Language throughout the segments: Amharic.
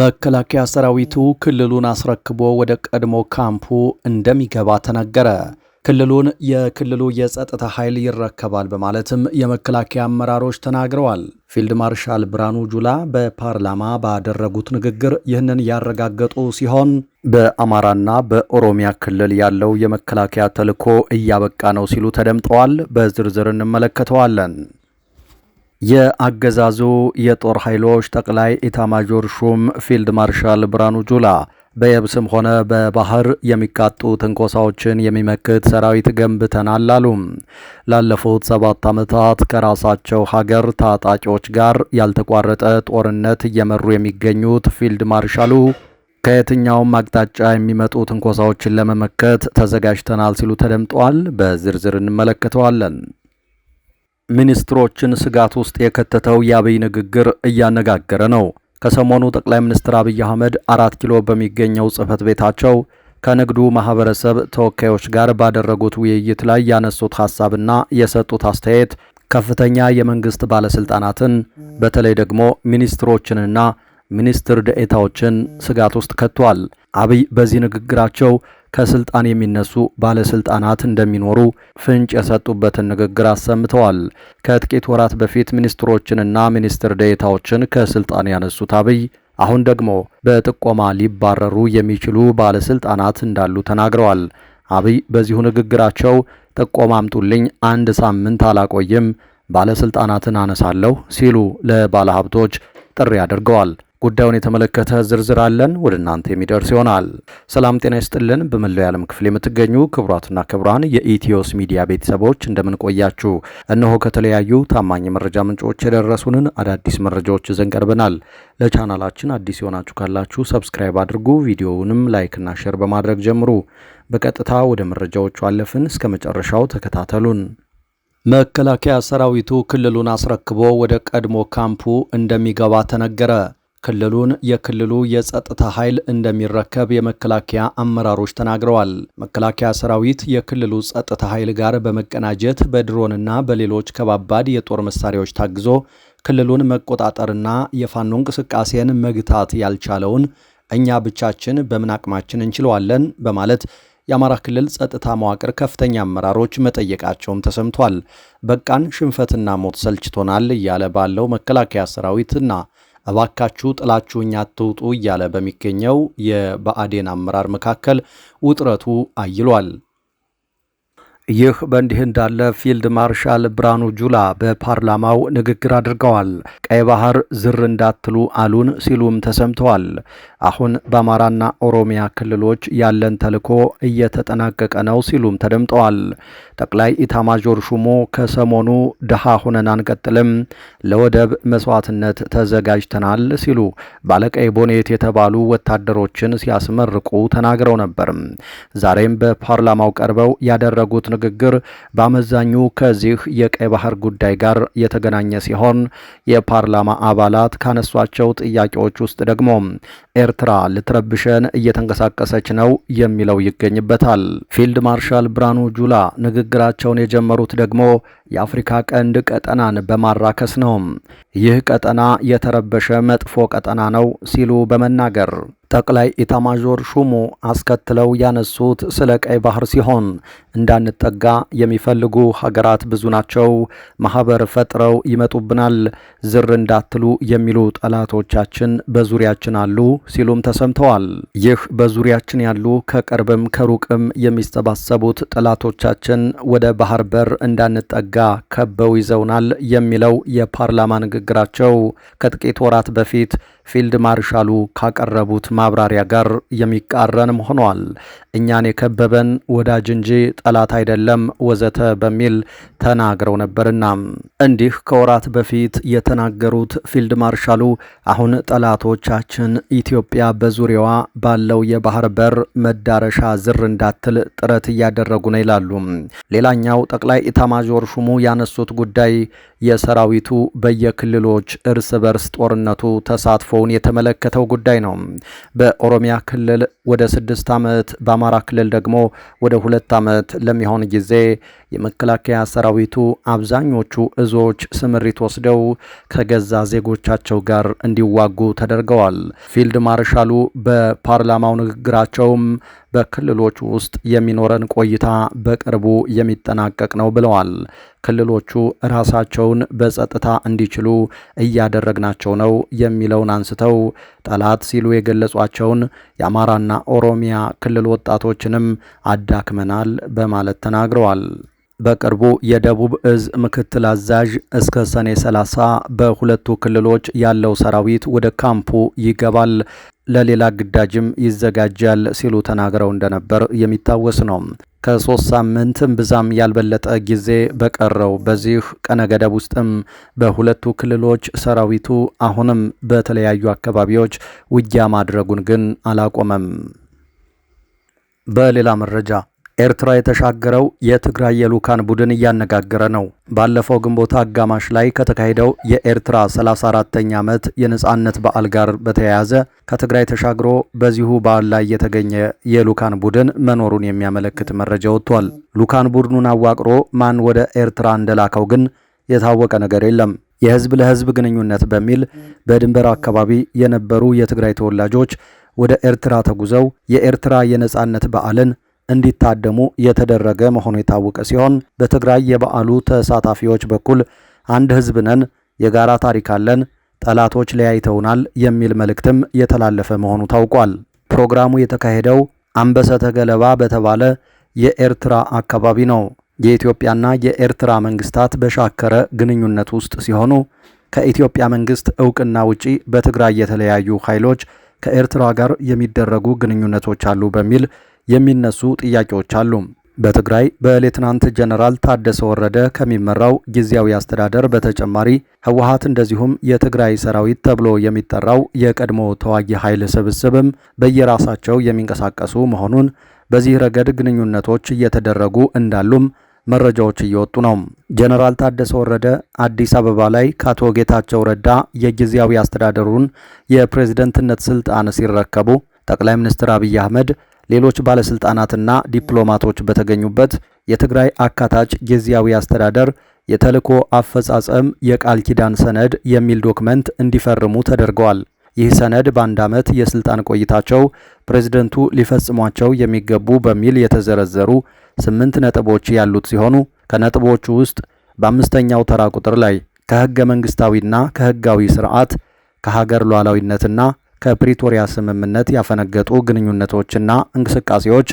መከላከያ ሰራዊቱ ክልሉን አስረክቦ ወደ ቀድሞ ካምፑ እንደሚገባ ተነገረ። ክልሉን የክልሉ የጸጥታ ኃይል ይረከባል በማለትም የመከላከያ አመራሮች ተናግረዋል። ፊልድ ማርሻል ብርሃኑ ጁላ በፓርላማ ባደረጉት ንግግር ይህንን ያረጋገጡ ሲሆን በአማራና በኦሮሚያ ክልል ያለው የመከላከያ ተልዕኮ እያበቃ ነው ሲሉ ተደምጠዋል። በዝርዝር እንመለከተዋለን። የአገዛዙ የጦር ኃይሎች ጠቅላይ ኢታማዦር ሹም ፊልድ ማርሻል ብርሃኑ ጁላ በየብስም ሆነ በባህር የሚቃጡ ትንኮሳዎችን የሚመክት ሰራዊት ገንብተናል አሉ። ላለፉት ሰባት ዓመታት ከራሳቸው ሀገር ታጣቂዎች ጋር ያልተቋረጠ ጦርነት እየመሩ የሚገኙት ፊልድ ማርሻሉ ከየትኛውም አቅጣጫ የሚመጡ ትንኮሳዎችን ለመመከት ተዘጋጅተናል ሲሉ ተደምጠዋል። በዝርዝር እንመለከተዋለን። ሚኒስትሮችን ስጋት ውስጥ የከተተው የአብይ ንግግር እያነጋገረ ነው። ከሰሞኑ ጠቅላይ ሚኒስትር አብይ አህመድ አራት ኪሎ በሚገኘው ጽህፈት ቤታቸው ከንግዱ ማህበረሰብ ተወካዮች ጋር ባደረጉት ውይይት ላይ ያነሱት ሀሳብና የሰጡት አስተያየት ከፍተኛ የመንግስት ባለስልጣናትን በተለይ ደግሞ ሚኒስትሮችንና ሚኒስትር ደኤታዎችን ስጋት ውስጥ ከቷል። አብይ በዚህ ንግግራቸው ከስልጣን የሚነሱ ባለስልጣናት እንደሚኖሩ ፍንጭ የሰጡበትን ንግግር አሰምተዋል። ከጥቂት ወራት በፊት ሚኒስትሮችንና ሚኒስትር ዴኤታዎችን ከስልጣን ያነሱት አብይ አሁን ደግሞ በጥቆማ ሊባረሩ የሚችሉ ባለስልጣናት እንዳሉ ተናግረዋል። አብይ በዚሁ ንግግራቸው ጥቆማ አምጡልኝ፣ አንድ ሳምንት አላቆይም፣ ባለስልጣናትን አነሳለሁ ሲሉ ለባለሀብቶች ጥሪ አድርገዋል። ጉዳዩን የተመለከተ ዝርዝር አለን ወደ እናንተ የሚደርስ ይሆናል። ሰላም ጤና ይስጥልን። በመላው የዓለም ክፍል የምትገኙ ክቡራትና ክቡራን የኢትዮስ ሚዲያ ቤተሰቦች እንደምንቆያችሁ፣ እነሆ ከተለያዩ ታማኝ መረጃ ምንጮች የደረሱንን አዳዲስ መረጃዎች ይዘን ቀርበናል። ለቻናላችን አዲስ የሆናችሁ ካላችሁ ሰብስክራይብ አድርጉ፣ ቪዲዮውንም ላይክና ሼር በማድረግ ጀምሩ። በቀጥታ ወደ መረጃዎቹ አለፍን። እስከ መጨረሻው ተከታተሉን። መከላከያ ሰራዊቱ ክልሉን አስረክቦ ወደ ቀድሞ ካምፑ እንደሚገባ ተነገረ። ክልሉን የክልሉ የጸጥታ ኃይል እንደሚረከብ የመከላከያ አመራሮች ተናግረዋል። መከላከያ ሰራዊት የክልሉ ጸጥታ ኃይል ጋር በመቀናጀት በድሮንና በሌሎች ከባባድ የጦር መሳሪያዎች ታግዞ ክልሉን መቆጣጠርና የፋኖ እንቅስቃሴን መግታት ያልቻለውን እኛ ብቻችን በምን አቅማችን እንችለዋለን በማለት የአማራ ክልል ጸጥታ መዋቅር ከፍተኛ አመራሮች መጠየቃቸውም ተሰምቷል። በቃን፣ ሽንፈትና ሞት ሰልችቶናል እያለ ባለው መከላከያ ሰራዊትና እባካችሁ ጥላችሁኝ አትውጡ እያለ በሚገኘው የብአዴን አመራር መካከል ውጥረቱ አይሏል። ይህ በእንዲህ እንዳለ ፊልድ ማርሻል ብርሃኑ ጁላ በፓርላማው ንግግር አድርገዋል። ቀይ ባህር ዝር እንዳትሉ አሉን ሲሉም ተሰምተዋል። አሁን በአማራና ኦሮሚያ ክልሎች ያለን ተልዕኮ እየተጠናቀቀ ነው ሲሉም ተደምጠዋል። ጠቅላይ ኢታማዦር ሹሙ ከሰሞኑ ድሃ ሆነን አንቀጥልም፣ ለወደብ መስዋዕትነት ተዘጋጅተናል ሲሉ ባለቀይ ቦኔት የተባሉ ወታደሮችን ሲያስመርቁ ተናግረው ነበር። ዛሬም በፓርላማው ቀርበው ያደረጉት ንግግር በአመዛኙ ከዚህ የቀይ ባህር ጉዳይ ጋር የተገናኘ ሲሆን የፓርላማ አባላት ካነሷቸው ጥያቄዎች ውስጥ ደግሞ ኤርትራ ልትረብሸን እየተንቀሳቀሰች ነው የሚለው ይገኝበታል። ፊልድ ማርሻል ብርሃኑ ጁላ ንግግራቸውን የጀመሩት ደግሞ የአፍሪካ ቀንድ ቀጠናን በማራከስ ነው። ይህ ቀጠና የተረበሸ መጥፎ ቀጠና ነው ሲሉ በመናገር ጠቅላይ ኢታማዦር ሹሙ አስከትለው ያነሱት ስለ ቀይ ባህር ሲሆን እንዳንጠጋ የሚፈልጉ ሀገራት ብዙ ናቸው፣ ማህበር ፈጥረው ይመጡብናል፣ ዝር እንዳትሉ የሚሉ ጠላቶቻችን በዙሪያችን አሉ ሲሉም ተሰምተዋል። ይህ በዙሪያችን ያሉ ከቅርብም ከሩቅም የሚሰባሰቡት ጠላቶቻችን ወደ ባህር በር እንዳንጠጋ አደጋ ከበው ይዘውናል የሚለው የፓርላማ ንግግራቸው ከጥቂት ወራት በፊት ፊልድ ማርሻሉ ካቀረቡት ማብራሪያ ጋር የሚቃረንም ሆኗል። እኛን የከበበን ወዳጅ እንጂ ጠላት አይደለም ወዘተ በሚል ተናግረው ነበርና እንዲህ ከወራት በፊት የተናገሩት ፊልድ ማርሻሉ አሁን ጠላቶቻችን ኢትዮጵያ በዙሪያዋ ባለው የባህር በር መዳረሻ ዝር እንዳትል ጥረት እያደረጉ ነው ይላሉ። ሌላኛው ጠቅላይ ኢታማዦር ሹሙ ያነሱት ጉዳይ የሰራዊቱ በየክልሎች እርስ በርስ ጦርነቱ ተሳትፎውን የተመለከተው ጉዳይ ነው። በኦሮሚያ ክልል ወደ ስድስት ዓመት በአማራ ክልል ደግሞ ወደ ሁለት ዓመት ለሚሆን ጊዜ የመከላከያ ሰራዊቱ አብዛኞቹ እዞች ስምሪት ወስደው ከገዛ ዜጎቻቸው ጋር እንዲዋጉ ተደርገዋል። ፊልድ ማርሻሉ በፓርላማው ንግግራቸውም በክልሎች ውስጥ የሚኖረን ቆይታ በቅርቡ የሚጠናቀቅ ነው ብለዋል። ክልሎቹ ራሳቸውን በጸጥታ እንዲችሉ እያደረግናቸው ነው የሚለውን አንስተው ጠላት ሲሉ የገለጿቸውን የአማራና ኦሮሚያ ክልል ወጣቶችንም አዳክመናል በማለት ተናግረዋል። በቅርቡ የደቡብ እዝ ምክትል አዛዥ እስከ ሰኔ 30 በሁለቱ ክልሎች ያለው ሰራዊት ወደ ካምፑ ይገባል ለሌላ ግዳጅም ይዘጋጃል ሲሉ ተናግረው እንደነበር የሚታወስ ነው። ከሶስት ሳምንትም ብዛም ያልበለጠ ጊዜ በቀረው በዚህ ቀነ ገደብ ውስጥም በሁለቱ ክልሎች ሰራዊቱ አሁንም በተለያዩ አካባቢዎች ውጊያ ማድረጉን ግን አላቆመም። በሌላ መረጃ ኤርትራ የተሻገረው የትግራይ የሉካን ቡድን እያነጋገረ ነው። ባለፈው ግንቦት አጋማሽ ላይ ከተካሄደው የኤርትራ 34ተኛ ዓመት የነጻነት በዓል ጋር በተያያዘ ከትግራይ ተሻግሮ በዚሁ በዓል ላይ የተገኘ የሉካን ቡድን መኖሩን የሚያመለክት መረጃ ወጥቷል። ልዑካን ቡድኑን አዋቅሮ ማን ወደ ኤርትራ እንደላከው ግን የታወቀ ነገር የለም። የህዝብ ለህዝብ ግንኙነት በሚል በድንበር አካባቢ የነበሩ የትግራይ ተወላጆች ወደ ኤርትራ ተጉዘው የኤርትራ የነጻነት በዓልን እንዲታደሙ የተደረገ መሆኑ የታወቀ ሲሆን በትግራይ የበዓሉ ተሳታፊዎች በኩል አንድ ህዝብ ነን፣ የጋራ ታሪክ አለን፣ ጠላቶች ለያይተውናል የሚል መልእክትም የተላለፈ መሆኑ ታውቋል። ፕሮግራሙ የተካሄደው አንበሰተ ገለባ በተባለ የኤርትራ አካባቢ ነው። የኢትዮጵያና የኤርትራ መንግስታት በሻከረ ግንኙነት ውስጥ ሲሆኑ ከኢትዮጵያ መንግስት እውቅና ውጪ በትግራይ የተለያዩ ኃይሎች ከኤርትራ ጋር የሚደረጉ ግንኙነቶች አሉ በሚል የሚነሱ ጥያቄዎች አሉ። በትግራይ በሌትናንት ጀነራል ታደሰ ወረደ ከሚመራው ጊዜያዊ አስተዳደር በተጨማሪ ህወሀት እንደዚሁም የትግራይ ሰራዊት ተብሎ የሚጠራው የቀድሞ ተዋጊ ኃይል ስብስብም በየራሳቸው የሚንቀሳቀሱ መሆኑን በዚህ ረገድ ግንኙነቶች እየተደረጉ እንዳሉም መረጃዎች እየወጡ ነው። ጀነራል ታደሰ ወረደ አዲስ አበባ ላይ ከአቶ ጌታቸው ረዳ የጊዜያዊ አስተዳደሩን የፕሬዝደንትነት ስልጣን ሲረከቡ ጠቅላይ ሚኒስትር አብይ አህመድ ሌሎች ባለስልጣናትና ዲፕሎማቶች በተገኙበት የትግራይ አካታች ጊዜያዊ አስተዳደር የተልኮ አፈጻጸም የቃል ኪዳን ሰነድ የሚል ዶክመንት እንዲፈርሙ ተደርገዋል። ይህ ሰነድ በአንድ ዓመት የስልጣን ቆይታቸው ፕሬዝደንቱ ሊፈጽሟቸው የሚገቡ በሚል የተዘረዘሩ ስምንት ነጥቦች ያሉት ሲሆኑ ከነጥቦቹ ውስጥ በአምስተኛው ተራ ቁጥር ላይ ከሕገ መንግሥታዊና ከሕጋዊ ስርዓት ከሀገር ሉዓላዊነትና ከፕሪቶሪያ ስምምነት ያፈነገጡ ግንኙነቶችና እንቅስቃሴዎች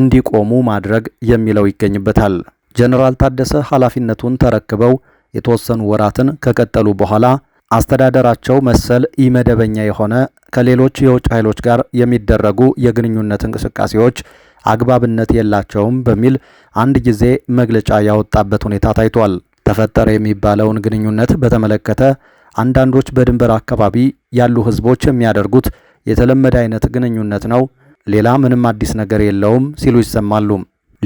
እንዲቆሙ ማድረግ የሚለው ይገኝበታል። ጀኔራል ታደሰ ኃላፊነቱን ተረክበው የተወሰኑ ወራትን ከቀጠሉ በኋላ አስተዳደራቸው መሰል ኢመደበኛ የሆነ ከሌሎች የውጭ ኃይሎች ጋር የሚደረጉ የግንኙነት እንቅስቃሴዎች አግባብነት የላቸውም በሚል አንድ ጊዜ መግለጫ ያወጣበት ሁኔታ ታይቷል። ተፈጠረ የሚባለውን ግንኙነት በተመለከተ አንዳንዶች በድንበር አካባቢ ያሉ ህዝቦች የሚያደርጉት የተለመደ አይነት ግንኙነት ነው፣ ሌላ ምንም አዲስ ነገር የለውም ሲሉ ይሰማሉ።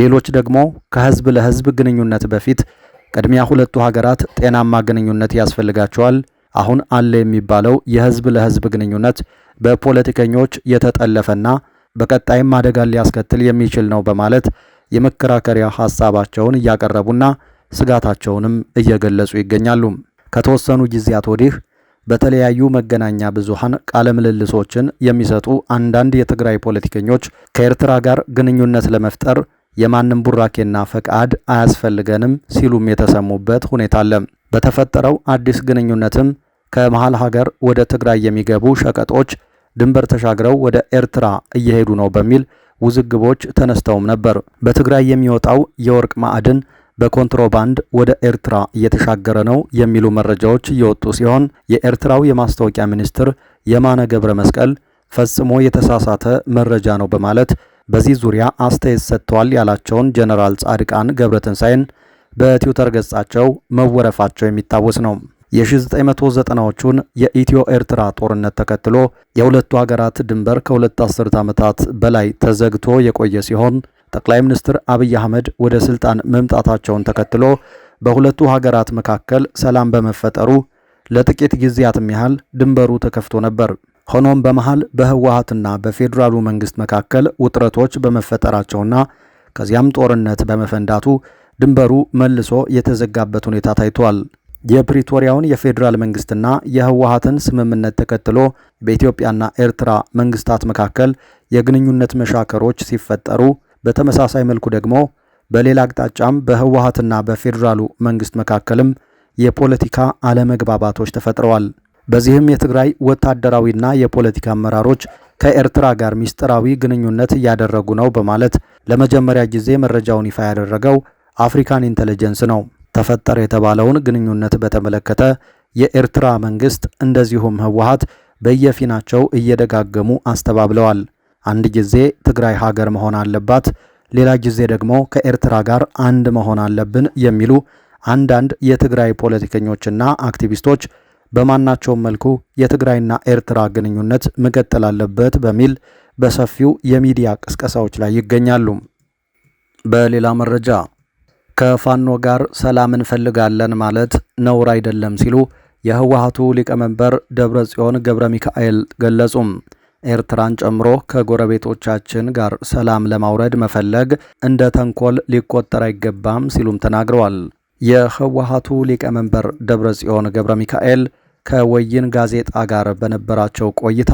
ሌሎች ደግሞ ከህዝብ ለህዝብ ግንኙነት በፊት ቅድሚያ ሁለቱ ሀገራት ጤናማ ግንኙነት ያስፈልጋቸዋል። አሁን አለ የሚባለው የህዝብ ለህዝብ ግንኙነት በፖለቲከኞች የተጠለፈና በቀጣይም አደጋን ሊያስከትል የሚችል ነው በማለት የመከራከሪያ ሀሳባቸውን እያቀረቡና ስጋታቸውንም እየገለጹ ይገኛሉ። ከተወሰኑ ጊዜያት ወዲህ በተለያዩ መገናኛ ብዙሃን ቃለ ምልልሶችን የሚሰጡ አንዳንድ የትግራይ ፖለቲከኞች ከኤርትራ ጋር ግንኙነት ለመፍጠር የማንም ቡራኬና ፈቃድ አያስፈልገንም ሲሉም የተሰሙበት ሁኔታ አለ። በተፈጠረው አዲስ ግንኙነትም ከመሃል ሀገር ወደ ትግራይ የሚገቡ ሸቀጦች ድንበር ተሻግረው ወደ ኤርትራ እየሄዱ ነው በሚል ውዝግቦች ተነስተውም ነበር። በትግራይ የሚወጣው የወርቅ ማዕድን በኮንትሮባንድ ወደ ኤርትራ እየተሻገረ ነው የሚሉ መረጃዎች እየወጡ ሲሆን የኤርትራው የማስታወቂያ ሚኒስትር የማነ ገብረ መስቀል ፈጽሞ የተሳሳተ መረጃ ነው በማለት በዚህ ዙሪያ አስተያየት ሰጥተዋል ያላቸውን ጀነራል ጻድቃን ገብረትንሳኤን በትዊተር ገጻቸው መወረፋቸው የሚታወስ ነው። የ1990ዎቹን የኢትዮ ኤርትራ ጦርነት ተከትሎ የሁለቱ ሀገራት ድንበር ከሁለት አስርት ዓመታት በላይ ተዘግቶ የቆየ ሲሆን ጠቅላይ ሚኒስትር አብይ አህመድ ወደ ስልጣን መምጣታቸውን ተከትሎ በሁለቱ ሀገራት መካከል ሰላም በመፈጠሩ ለጥቂት ጊዜያትም ያህል ድንበሩ ተከፍቶ ነበር። ሆኖም በመሃል በህወሀትና በፌዴራሉ መንግስት መካከል ውጥረቶች በመፈጠራቸውና ከዚያም ጦርነት በመፈንዳቱ ድንበሩ መልሶ የተዘጋበት ሁኔታ ታይቷል። የፕሪቶሪያውን የፌዴራል መንግስትና የህወሀትን ስምምነት ተከትሎ በኢትዮጵያና ኤርትራ መንግስታት መካከል የግንኙነት መሻከሮች ሲፈጠሩ በተመሳሳይ መልኩ ደግሞ በሌላ አቅጣጫም በህወሀትና በፌዴራሉ መንግስት መካከልም የፖለቲካ አለመግባባቶች ተፈጥረዋል። በዚህም የትግራይ ወታደራዊና የፖለቲካ አመራሮች ከኤርትራ ጋር ሚስጥራዊ ግንኙነት እያደረጉ ነው በማለት ለመጀመሪያ ጊዜ መረጃውን ይፋ ያደረገው አፍሪካን ኢንተለጀንስ ነው። ተፈጠረ የተባለውን ግንኙነት በተመለከተ የኤርትራ መንግስት እንደዚሁም ህወሀት በየፊናቸው እየደጋገሙ አስተባብለዋል። አንድ ጊዜ ትግራይ ሀገር መሆን አለባት፣ ሌላ ጊዜ ደግሞ ከኤርትራ ጋር አንድ መሆን አለብን የሚሉ አንዳንድ የትግራይ ፖለቲከኞችና አክቲቪስቶች በማናቸውም መልኩ የትግራይና ኤርትራ ግንኙነት መቀጠል አለበት በሚል በሰፊው የሚዲያ ቅስቀሳዎች ላይ ይገኛሉ። በሌላ መረጃ ከፋኖ ጋር ሰላም እንፈልጋለን ማለት ነውር አይደለም ሲሉ የህወሀቱ ሊቀመንበር ደብረ ጽዮን ገብረ ሚካኤል ገለጹም። ኤርትራን ጨምሮ ከጎረቤቶቻችን ጋር ሰላም ለማውረድ መፈለግ እንደ ተንኮል ሊቆጠር አይገባም ሲሉም ተናግረዋል። የህወሀቱ ሊቀመንበር ደብረጽዮን ገብረ ሚካኤል ከወይን ጋዜጣ ጋር በነበራቸው ቆይታ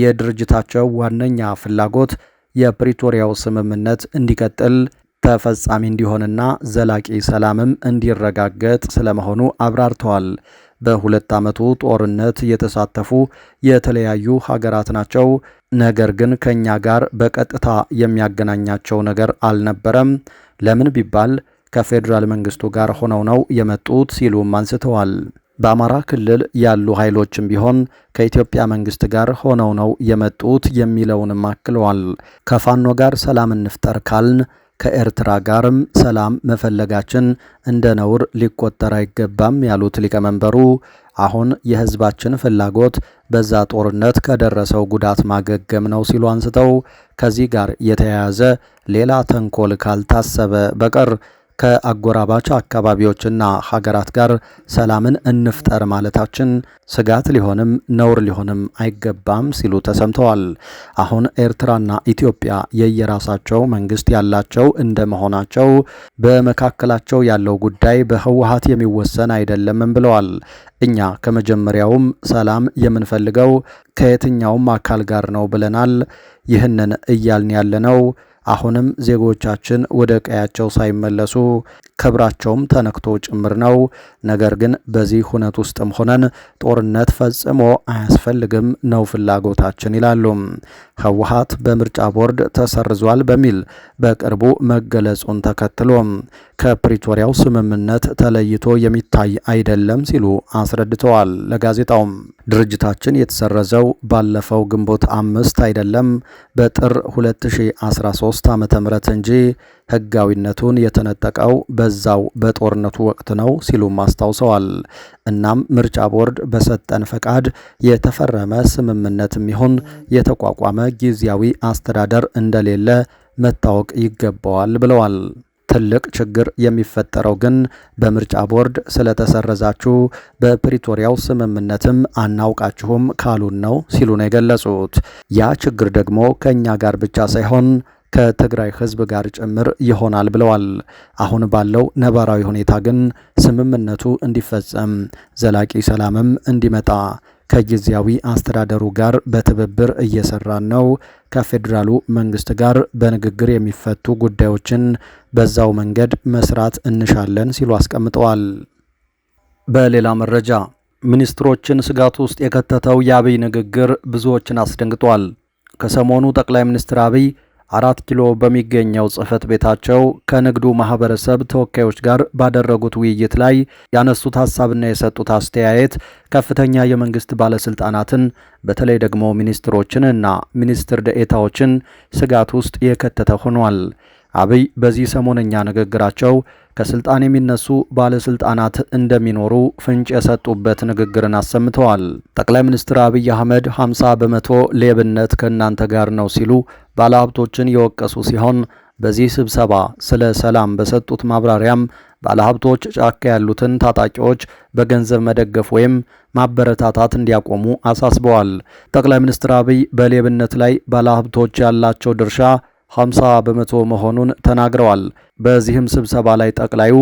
የድርጅታቸው ዋነኛ ፍላጎት የፕሪቶሪያው ስምምነት እንዲቀጥል ተፈጻሚ እንዲሆንና ዘላቂ ሰላምም እንዲረጋገጥ ስለመሆኑ አብራርተዋል። በሁለት ዓመቱ ጦርነት የተሳተፉ የተለያዩ ሀገራት ናቸው። ነገር ግን ከእኛ ጋር በቀጥታ የሚያገናኛቸው ነገር አልነበረም። ለምን ቢባል ከፌዴራል መንግስቱ ጋር ሆነው ነው የመጡት ሲሉም አንስተዋል። በአማራ ክልል ያሉ ኃይሎችም ቢሆን ከኢትዮጵያ መንግስት ጋር ሆነው ነው የመጡት የሚለውንም አክለዋል። ከፋኖ ጋር ሰላም እንፍጠር ካልን ከኤርትራ ጋርም ሰላም መፈለጋችን እንደ ነውር ሊቆጠር አይገባም ያሉት ሊቀመንበሩ አሁን የህዝባችን ፍላጎት በዛ ጦርነት ከደረሰው ጉዳት ማገገም ነው ሲሉ አንስተው ከዚህ ጋር የተያያዘ ሌላ ተንኮል ካልታሰበ በቀር ከአጎራባች አካባቢዎችና ሀገራት ጋር ሰላምን እንፍጠር ማለታችን ስጋት ሊሆንም ነውር ሊሆንም አይገባም ሲሉ ተሰምተዋል። አሁን ኤርትራና ኢትዮጵያ የየራሳቸው መንግስት ያላቸው እንደመሆናቸው በመካከላቸው ያለው ጉዳይ በህወሀት የሚወሰን አይደለምም ብለዋል። እኛ ከመጀመሪያውም ሰላም የምንፈልገው ከየትኛውም አካል ጋር ነው ብለናል። ይህንን እያልን ያለነው አሁንም ዜጎቻችን ወደ ቀያቸው ሳይመለሱ ክብራቸውም ተነክቶ ጭምር ነው። ነገር ግን በዚህ ሁነት ውስጥም ሆነን ጦርነት ፈጽሞ አያስፈልግም ነው ፍላጎታችን ይላሉ። ህወሓት በምርጫ ቦርድ ተሰርዟል በሚል በቅርቡ መገለጹን ተከትሎ ከፕሪቶሪያው ስምምነት ተለይቶ የሚታይ አይደለም ሲሉ አስረድተዋል። ለጋዜጣውም ድርጅታችን የተሰረዘው ባለፈው ግንቦት አምስት አይደለም በጥር 2013 2013 ዓ ም እንጂ ህጋዊነቱን የተነጠቀው በዛው በጦርነቱ ወቅት ነው ሲሉም አስታውሰዋል። እናም ምርጫ ቦርድ በሰጠን ፈቃድ የተፈረመ ስምምነት የሚሆን የተቋቋመ ጊዜያዊ አስተዳደር እንደሌለ መታወቅ ይገባዋል ብለዋል። ትልቅ ችግር የሚፈጠረው ግን በምርጫ ቦርድ ስለተሰረዛችሁ በፕሪቶሪያው ስምምነትም አናውቃችሁም ካሉን ነው ሲሉ ነው የገለጹት። ያ ችግር ደግሞ ከእኛ ጋር ብቻ ሳይሆን ከትግራይ ህዝብ ጋር ጭምር ይሆናል ብለዋል። አሁን ባለው ነባራዊ ሁኔታ ግን ስምምነቱ እንዲፈጸም ዘላቂ ሰላምም እንዲመጣ ከጊዜያዊ አስተዳደሩ ጋር በትብብር እየሰራን ነው። ከፌዴራሉ መንግስት ጋር በንግግር የሚፈቱ ጉዳዮችን በዛው መንገድ መስራት እንሻለን ሲሉ አስቀምጠዋል። በሌላ መረጃ ሚኒስትሮችን ስጋት ውስጥ የከተተው የአብይ ንግግር ብዙዎችን አስደንግጧል። ከሰሞኑ ጠቅላይ ሚኒስትር አብይ አራት ኪሎ በሚገኘው ጽህፈት ቤታቸው ከንግዱ ማህበረሰብ ተወካዮች ጋር ባደረጉት ውይይት ላይ ያነሱት ሀሳብና የሰጡት አስተያየት ከፍተኛ የመንግስት ባለስልጣናትን በተለይ ደግሞ ሚኒስትሮችን እና ሚኒስትር ደኤታዎችን ስጋት ውስጥ የከተተ ሆኗል። አብይ በዚህ ሰሞነኛ ንግግራቸው ከስልጣን የሚነሱ ባለስልጣናት እንደሚኖሩ ፍንጭ የሰጡበት ንግግርን አሰምተዋል። ጠቅላይ ሚኒስትር አብይ አህመድ 50 በመቶ ሌብነት ከእናንተ ጋር ነው ሲሉ ባለሀብቶችን የወቀሱ ሲሆን በዚህ ስብሰባ ስለ ሰላም በሰጡት ማብራሪያም ባለሀብቶች ጫካ ያሉትን ታጣቂዎች በገንዘብ መደገፍ ወይም ማበረታታት እንዲያቆሙ አሳስበዋል። ጠቅላይ ሚኒስትር አብይ በሌብነት ላይ ባለሀብቶች ያላቸው ድርሻ 50 በመቶ መሆኑን ተናግረዋል። በዚህም ስብሰባ ላይ ጠቅላዩ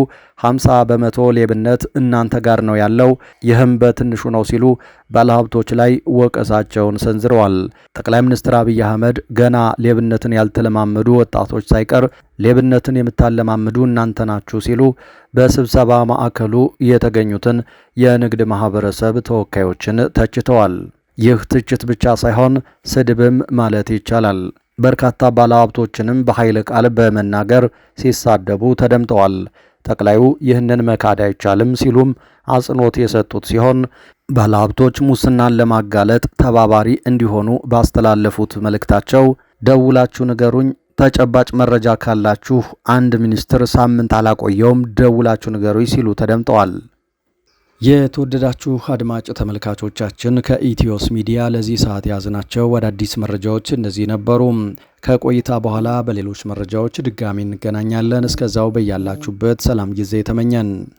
50 በመቶ ሌብነት እናንተ ጋር ነው ያለው፣ ይህም በትንሹ ነው ሲሉ ባለሀብቶች ላይ ወቀሳቸውን ሰንዝረዋል። ጠቅላይ ሚኒስትር አብይ አህመድ ገና ሌብነትን ያልተለማመዱ ወጣቶች ሳይቀር ሌብነትን የምታለማምዱ እናንተ ናችሁ ሲሉ በስብሰባ ማዕከሉ የተገኙትን የንግድ ማህበረሰብ ተወካዮችን ተችተዋል። ይህ ትችት ብቻ ሳይሆን ስድብም ማለት ይቻላል። በርካታ ባለሀብቶችንም በኃይለ ቃል በመናገር ሲሳደቡ ተደምጠዋል። ጠቅላዩ ይህንን መካድ አይቻልም ሲሉም አጽንኦት የሰጡት ሲሆን ባለሀብቶች ሙስናን ለማጋለጥ ተባባሪ እንዲሆኑ ባስተላለፉት መልእክታቸው ደውላችሁ ንገሩኝ፣ ተጨባጭ መረጃ ካላችሁ አንድ ሚኒስትር ሳምንት አላቆየውም፣ ደውላችሁ ንገሩኝ ሲሉ ተደምጠዋል። የተወደዳችሁ አድማጭ ተመልካቾቻችን ከኢትዮስ ሚዲያ ለዚህ ሰዓት የያዝናቸው አዳዲስ መረጃዎች እነዚህ ነበሩ። ከቆይታ በኋላ በሌሎች መረጃዎች ድጋሚ እንገናኛለን። እስከዛው በያላችሁበት ሰላም ጊዜ ተመኘን።